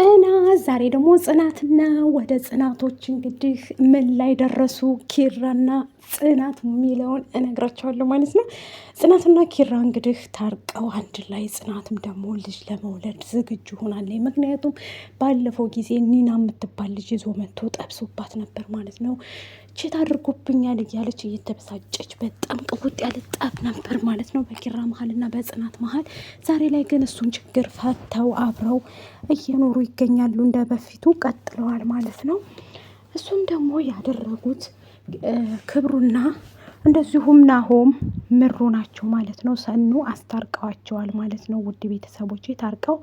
ጽና ዛሬ ደግሞ ጽናትና ወደ ጽናቶች እንግዲህ ምን ላይ ደረሱ ኪራና ጽናት የሚለውን እነግራቸዋለሁ ማለት ነው። ጽናትና ኪራ እንግዲህ ታርቀው አንድ ላይ ጽናትም ደግሞ ልጅ ለመውለድ ዝግጁ ሆናለች። ምክንያቱም ባለፈው ጊዜ ኒና የምትባል ልጅ ይዞ መጥቶ ጠብሶባት ነበር ማለት ነው። ቼት አድርጎብኛል እያለች እየተበሳጨች በጣም ቅቡጥ ያለ ጠብ ነበር ማለት ነው በኪራ መሀል መሀልና በጽናት መሀል። ዛሬ ላይ ግን እሱን ችግር ፈተው አብረው እየኖሩ ይገኛሉ። እንደ በፊቱ ቀጥለዋል ማለት ነው። እሱም ደግሞ ያደረጉት ክብሩና እንደዚሁም ናሆም ምሩ ናቸው ማለት ነው። ሰኑ አስታርቀዋቸዋል ማለት ነው። ውድ ቤተሰቦች ታርቀው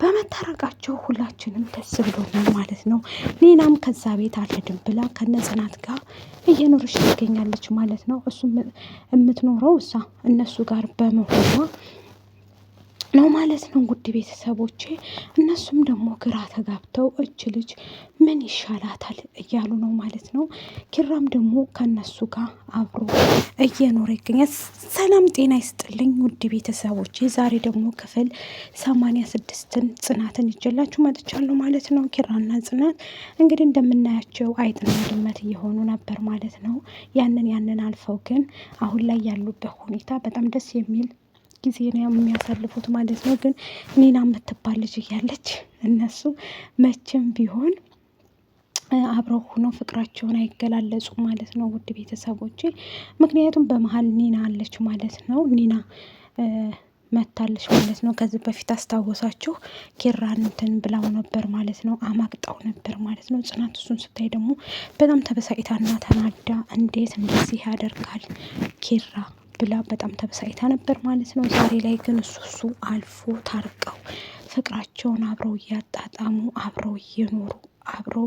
በመታረቃቸው ሁላችንም ደስ ብሎናል ማለት ነው። ኔናም ከዛ ቤት አልሄድም ብላ ከነ ጽናት ጋር እየኖረች ትገኛለች ማለት ነው። እሱም የምትኖረው እሳ እነሱ ጋር በመሆኗ ነው ማለት ነው። ውድ ቤተሰቦቼ እነሱም ደግሞ ግራ ተጋብተው እች ልጅ ምን ይሻላታል እያሉ ነው ማለት ነው። ኪራም ደግሞ ከነሱ ጋር አብሮ እየኖረ ይገኛል። ሰላም ጤና ይስጥልኝ ውድ ቤተሰቦቼ ዛሬ ደግሞ ክፍል ሰማንያ ስድስትን ጽናትን ይዤላችሁ መጥቻለሁ ማለት ነው። ኪራና ጽናት እንግዲህ እንደምናያቸው አይጥና ድመት እየሆኑ ነበር ማለት ነው። ያንን ያንን አልፈው ግን አሁን ላይ ያሉበት ሁኔታ በጣም ደስ የሚል ጊዜ ነው የሚያሳልፉት ማለት ነው። ግን ኒና የምትባል ልጅ እያለች እነሱ መቼም ቢሆን አብረው ሆኖ ፍቅራቸውን አይገላለጹም ማለት ነው። ውድ ቤተሰቦቼ ምክንያቱም በመሀል ኒና አለች ማለት ነው። ኒና መታለች ማለት ነው። ከዚህ በፊት አስታወሳችሁ ኪራን እንትን ብላው ነበር ማለት ነው። አማግጣው ነበር ማለት ነው። ጽናት እሱን ስታይ ደግሞ በጣም ተበሳጭታና ተናዳ እንዴት እንደዚህ ያደርጋል ኪራ ብላ በጣም ተበሳይታ ነበር ማለት ነው። ዛሬ ላይ ግን እሱ እሱ አልፎ ታርቀው ፍቅራቸውን አብረው እያጣጣሙ አብረው እየኖሩ አብረው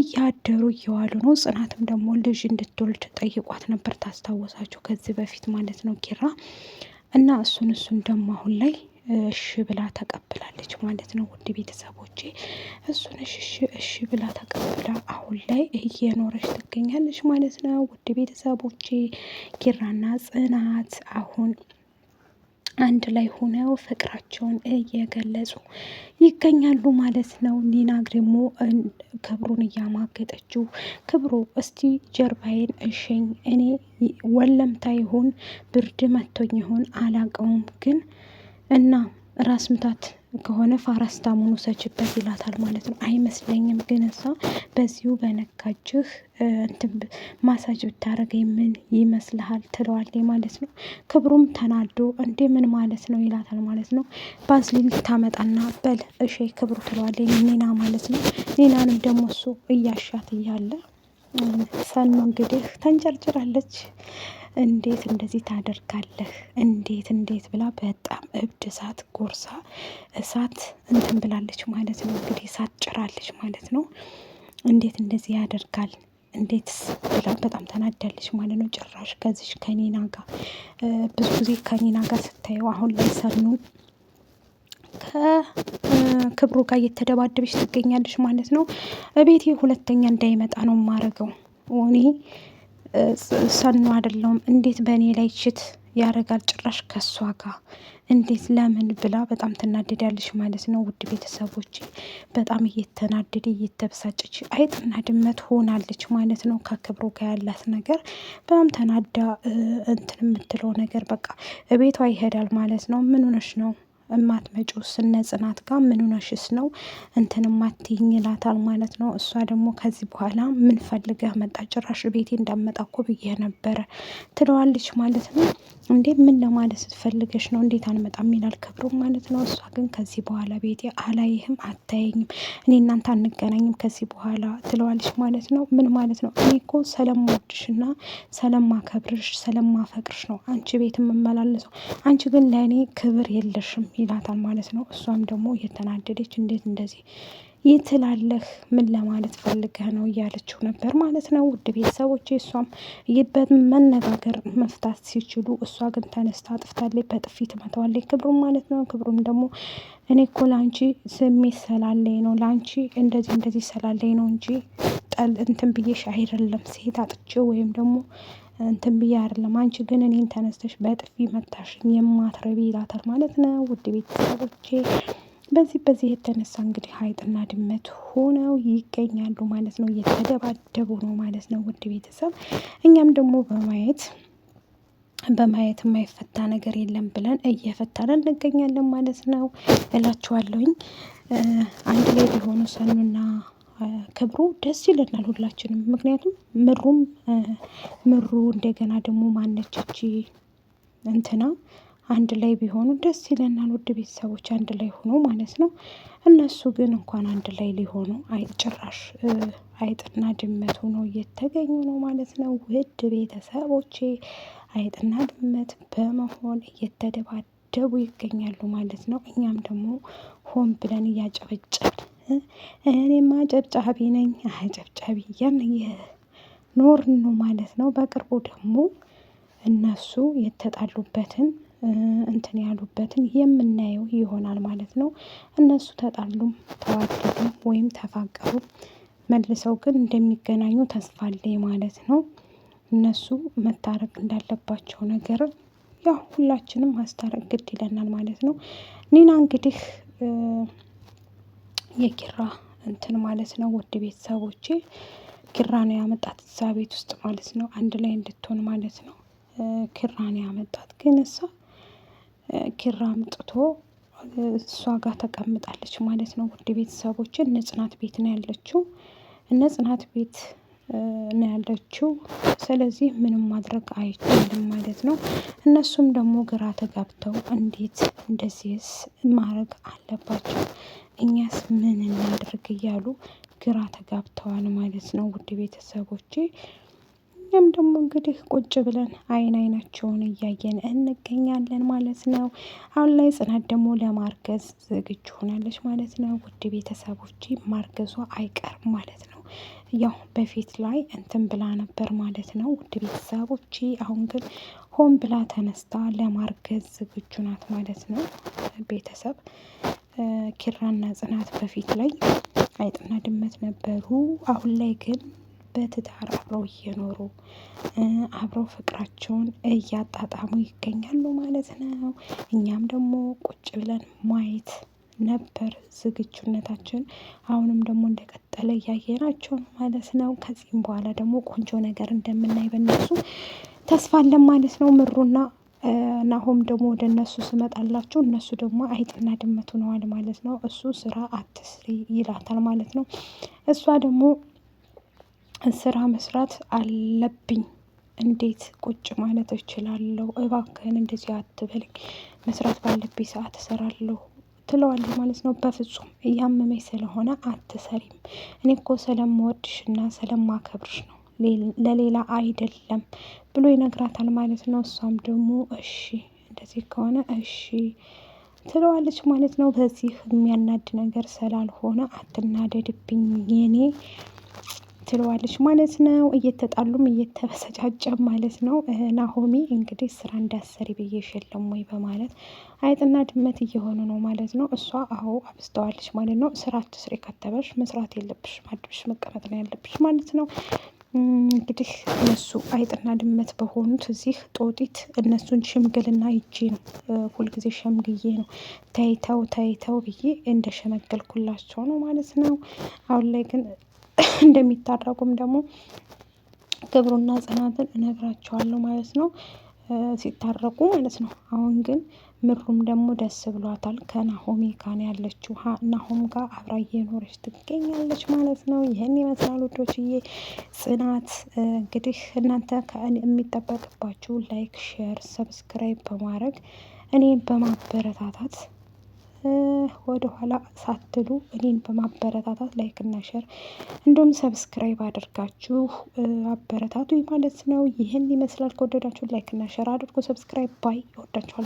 እያደሩ እየዋሉ ነው። ጽናትም ደግሞ ልጅ እንድትወልድ ጠይቋት ነበር ታስታወሳችሁ፣ ከዚህ በፊት ማለት ነው ኪራ እና እሱን እሱን ደግሞ አሁን ላይ እሺ ብላ ተቀብላለች ማለት ነው። ውድ ቤተሰቦቼ እሱንሽ እሺ እሺ ብላ ተቀብላ አሁን ላይ እየኖረች ትገኛለች ማለት ነው። ውድ ቤተሰቦቼ ኪራና ጽናት አሁን አንድ ላይ ሆነው ፍቅራቸውን እየገለጹ ይገኛሉ ማለት ነው። ኒና ደግሞ ክብሩን እያማገጠችው፣ ክብሩ እስቲ ጀርባዬን እሸኝ፣ እኔ ወለምታ ይሁን ብርድ መቶኝ ይሁን አላውቀውም ግን እና ራስ ምታት ከሆነ ፓራሲታሞን ውሰጅበት ይላታል ማለት ነው። አይመስለኝም ግን እሷ በዚሁ በነካችህ ማሳጅ ብታደርገኝ ምን ይመስልሃል ትለዋለች ማለት ነው። ክብሩም ተናዶ እንዴ ምን ማለት ነው ይላታል ማለት ነው። ባዝሊን ታመጣና በል እሺ ክብሩ ትለዋለች ኒና ማለት ነው። ኒናንም ደግሞ እሱ እያሻት እያለ ሰኑ እንግዲህ ተንጨርጭራለች። እንዴት እንደዚህ ታደርጋለህ? እንዴት እንዴት ብላ በጣም እብድ እሳት ጎርሳ እሳት እንትን ብላለች ማለት ነው። እንግዲህ እሳት ጭራለች ማለት ነው። እንዴት እንደዚህ ያደርጋል እንዴት ብላ በጣም ተናዳለች ማለት ነው። ጭራሽ ከዚሽ ከኒና ጋር ብዙ ጊዜ ከኒና ጋር ስታየው አሁን ላይ ሰኑ ከክብሩ ጋር እየተደባደበች ትገኛለች ማለት ነው። ቤቴ ሁለተኛ እንዳይመጣ ነው የማደርገው እኔ ሰኑ አይደለሁም እንዴት በእኔ ላይ ችት ያደርጋል? ጭራሽ ከሷ ጋር እንዴት ለምን ብላ በጣም ትናደዳለች ማለት ነው። ውድ ቤተሰቦች በጣም እየተናደደ እየተበሳጨች አይጥና ድመት ሆናለች ማለት ነው። ከክብሮ ጋር ያላት ነገር በጣም ተናዳ እንትን የምትለው ነገር በቃ ቤቷ ይሄዳል ማለት ነው። ምን ሆነሽ ነው እማትመጪው ስነ ጽናት ጋር ምን ሆነሽስ ነው እንትን ማትይኝ ይላታል ማለት ነው። እሷ ደግሞ ከዚህ በኋላ ምን ፈልገህ መጣ ጭራሽ ቤቴ እንዳመጣ እኮ ብዬ ነበረ ትለዋለች ማለት ነው። እንዴ ምን ለማለት ስትፈልገሽ ነው እንዴት አንመጣም ይላል ክብሩ ማለት ነው። እሷ ግን ከዚህ በኋላ ቤቴ አላይህም፣ አታየኝም፣ እኔ እናንተ አንገናኝም ከዚህ በኋላ ትለዋለች ማለት ነው። ምን ማለት ነው እኔ እኮ ስለምወድሽና ስለማከብርሽ ስለማፈቅርሽ ነው አንቺ ቤት የምመላለሰው። አንቺ ግን ለእኔ ክብር የለሽም ይላታል ማለት ነው። እሷም ደግሞ እየተናደደች እንዴት እንደዚህ ይትላለህ ምን ለማለት ፈልገህ ነው እያለችው ነበር ማለት ነው። ውድ ቤተሰቦች እሷም በመነጋገር መፍታት ሲችሉ እሷ ግን ተነስታ አጥፍታለች፣ በጥፊ ትመታዋለች ክብሩም ማለት ነው። ክብሩም ደግሞ እኔ እኮ ለአንቺ ስሜት ስላለኝ ነው ለአንቺ እንደዚህ እንደዚህ ስላለኝ ነው እንጂ ጠል እንትን ብዬሽ አይደለም ሴት አጥቼ ወይም ደግሞ እንትን ብዬ አይደለም አንቺ ግን እኔን ተነስተሽ በጥፊ መታሽ የማትረቢ ይላታል ማለት ነው። ውድ ቤተሰቦቼ በዚህ በዚህ የተነሳ እንግዲህ ሀይጥና ድመት ሆነው ይገኛሉ ማለት ነው። እየተደባደቡ ነው ማለት ነው። ውድ ቤተሰብ እኛም ደግሞ በማየት በማየት የማይፈታ ነገር የለም ብለን እየፈታን እንገኛለን ማለት ነው እላችኋለሁኝ። አንድ ላይ ቢሆኑ ሰኑና ክብሩ ደስ ይለናል ሁላችንም። ምክንያቱም ምሩም ምሩ እንደገና ደግሞ ማነቸች እንትና አንድ ላይ ቢሆኑ ደስ ይለናል። ውድ ቤተሰቦች አንድ ላይ ሆኖ ማለት ነው። እነሱ ግን እንኳን አንድ ላይ ሊሆኑ ጭራሽ አይጥና ድመት ሆኖ እየተገኙ ነው ማለት ነው። ውድ ቤተሰቦቼ አይጥና ድመት በመሆን እየተደባደቡ ይገኛሉ ማለት ነው። እኛም ደግሞ ሆን ብለን እያጨበጨብን እኔማ ጨብጫቢ ነኝ ጨብጫቢ እያልን የኖርን ነው ማለት ነው። በቅርቡ ደግሞ እነሱ የተጣሉበትን እንትን ያሉበትን የምናየው ይሆናል ማለት ነው። እነሱ ተጣሉም ተዋደዱም ወይም ተፋቀሩ መልሰው ግን እንደሚገናኙ ተስፋ አለኝ ማለት ነው። እነሱ መታረቅ እንዳለባቸው ነገር ያው ሁላችንም ማስታረቅ ግድ ይለናል ማለት ነው። ኒና እንግዲህ የኪራ እንትን ማለት ነው። ውድ ቤተሰቦቼ ኪራ ነው ያመጣት እዛ ቤት ውስጥ ማለት ነው፣ አንድ ላይ እንድትሆን ማለት ነው። ኪራ ነው ያመጣት። ግን እሷ ኪራ አምጥቶ እሷ ጋር ተቀምጣለች ማለት ነው። ውድ ቤተሰቦችን እነ ጽናት ቤት ነው ያለችው። እነ ጽናት ቤት ነው ያለችው ስለዚህ ምንም ማድረግ አይቻልም ማለት ነው። እነሱም ደግሞ ግራ ተጋብተው እንዴት እንደዚህስ ማድረግ አለባቸው እኛስ ምን እናድርግ እያሉ ግራ ተጋብተዋል ማለት ነው። ውድ ቤተሰቦቼ እኛም ደግሞ እንግዲህ ቁጭ ብለን አይን አይናቸውን እያየን እንገኛለን ማለት ነው። አሁን ላይ ጽናት ደግሞ ለማርገዝ ዝግጁ ሆናለች ማለት ነው። ውድ ቤተሰቦቼ ማርገዟ አይቀርም ማለት ነው ያው በፊት ላይ እንትን ብላ ነበር ማለት ነው ውድ ቤተሰቦች። አሁን ግን ሆን ብላ ተነስታ ለማርገዝ ዝግጁ ናት ማለት ነው። ቤተሰብ ኪራና ጽናት በፊት ላይ አይጥና ድመት ነበሩ። አሁን ላይ ግን በትዳር አብረው እየኖሩ አብረው ፍቅራቸውን እያጣጣሙ ይገኛሉ ማለት ነው። እኛም ደግሞ ቁጭ ብለን ማየት ነበር ዝግጁነታችን። አሁንም ደግሞ እንደቀጠለ እያየናቸው ነው ማለት ነው። ከዚህም በኋላ ደግሞ ቆንጆ ነገር እንደምናይ በነሱ ተስፋ አለን ማለት ነው። ምሩና ናሆም ደግሞ ወደ እነሱ ስመጣላቸው እነሱ ደግሞ አይጥና ድመት ሆነዋል ማለት ነው። እሱ ስራ አትስሪ ይላታል ማለት ነው። እሷ ደግሞ ስራ መስራት አለብኝ እንዴት ቁጭ ማለት እችላለሁ? እባክህን እንደዚህ አትበልኝ፣ መስራት ባለብኝ ሰዓት እሰራለሁ ትለዋለች ማለት ነው። በፍጹም እያመመኝ ስለሆነ አትሰሪም። እኔ እኮ ሰለም ስለማከብርሽ ነው ለሌላ አይደለም ብሎ ይነግራታል ማለት ነው። እሷም ደግሞ እሺ እንደዚህ ከሆነ እሺ ትለዋለች ማለት ነው። በዚህ የሚያናድ ነገር ስላልሆነ አትናደድብኝ የኔ ትለዋለች ማለት ነው። እየተጣሉም እየተበሰጫጨም ማለት ነው። ናሆሚ እንግዲህ ስራ እንዳሰሪ ብዬሽ የለም ወይ በማለት አይጥና ድመት እየሆኑ ነው ማለት ነው። እሷ አሁ አብስተዋለች ማለት ነው። ስራ ትስሬ ከተበሽ መስራት የለብሽ አድብሽ መቀመጥ ነው ያለብሽ ማለት ነው። እንግዲህ እነሱ አይጥና ድመት በሆኑት እዚህ ጦጢት እነሱን ሽምግልና ይጄ ነው ሁልጊዜ ሸምግዬ ነው ተይተው ተይተው ብዬ እንደሸመገልኩላቸው ነው ማለት ነው። አሁን ላይ ግን እንደሚታረቁም ደግሞ ክብሩና ጽናትን እነግራቸዋለሁ ማለት ነው። ሲታረቁ ማለት ነው። አሁን ግን ምሩም ደግሞ ደስ ብሏታል። ከናሆሚ ጋር ያለችው። ናሆም ጋር አብራ እየኖረች ትገኛለች ማለት ነው። ይህን ይመስላል ውዶችዬ። ጽናት እንግዲህ እናንተ የሚጠበቅባችሁ ላይክ፣ ሼር፣ ሰብስክራይብ በማድረግ እኔም በማበረታታት ወደ ኋላ ሳትሉ እኔን በማበረታታት እና ሸር እንዲሁም ሰብስክራይብ አድርጋችሁ አበረታቱ ማለት ነው። ይህን ይመስላል። ከወደዳችሁ እና ሸር አድርጎ ሰብስክራይብ ባይ ይወዳችኋል።